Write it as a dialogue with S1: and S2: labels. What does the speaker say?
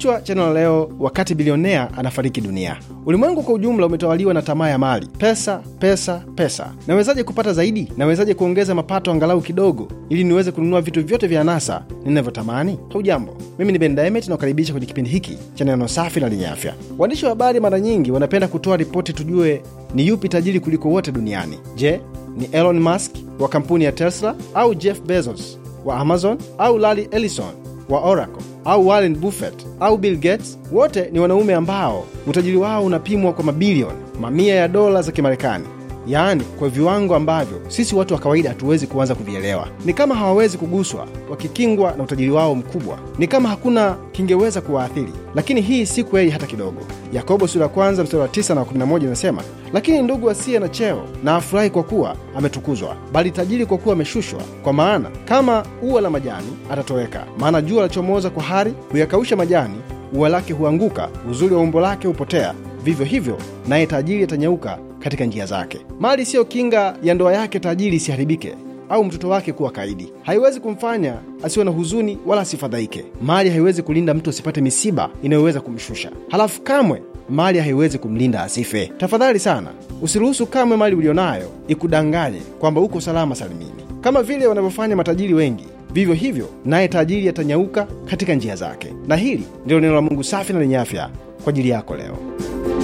S1: Kichwa cha neno leo, wakati bilionea anafariki dunia. Ulimwengu kwa ujumla umetawaliwa na tamaa ya mali, pesa, pesa, pesa. Nawezaje kupata zaidi? Nawezaje kuongeza mapato angalau kidogo, ili niweze kununua vitu vyote vya anasa ninavyotamani? haujambo mimi ni Ben Daimet na kukaribisha kwenye kipindi hiki cha neno safi na lenye afya. Waandishi wa habari mara nyingi wanapenda kutoa ripoti tujue ni yupi tajiri kuliko wote duniani. Je, ni Elon Musk wa kampuni ya Tesla au Jeff Bezos wa Amazon au Larry Ellison wa Oracle? au Warren Buffett au Bill Gates, wote ni wanaume ambao utajiri wao unapimwa kwa mabilioni, mamia ya dola za Kimarekani yaani kwa viwango ambavyo sisi watu wa kawaida hatuwezi kuanza kuvielewa. Ni kama hawawezi kuguswa wakikingwa na utajiri wao mkubwa, ni kama hakuna kingeweza kuwaathiri. Lakini hii si kweli hata kidogo. Yakobo sura ya kwanza mstari wa tisa na moja inasema, lakini ndugu asiye na cheo na afurahi kwa kuwa ametukuzwa, bali tajiri kwa kuwa ameshushwa, kwa maana kama ua la majani atatoweka. Maana jua lachomoza kwa hari, huyakausha majani, ua lake huanguka, uzuri wa umbo lake hupotea. Vivyo hivyo naye tajiri atanyeuka katika njia zake. Mali siyo kinga ya ndoa yake tajiri isiharibike au mtoto wake kuwa kaidi. Haiwezi kumfanya asiwe na huzuni wala asifadhaike. Mali haiwezi kulinda mtu asipate misiba inayoweza kumshusha. Halafu kamwe mali haiwezi kumlinda asife. Tafadhali sana, usiruhusu kamwe mali ulionayo ikudanganye kwamba uko salama salimini. Kama vile wanavyofanya matajiri wengi, vivyo hivyo naye tajiri atanyauka katika njia zake. Na hili ndilo neno la Mungu safi na lenye afya kwa ajili yako leo.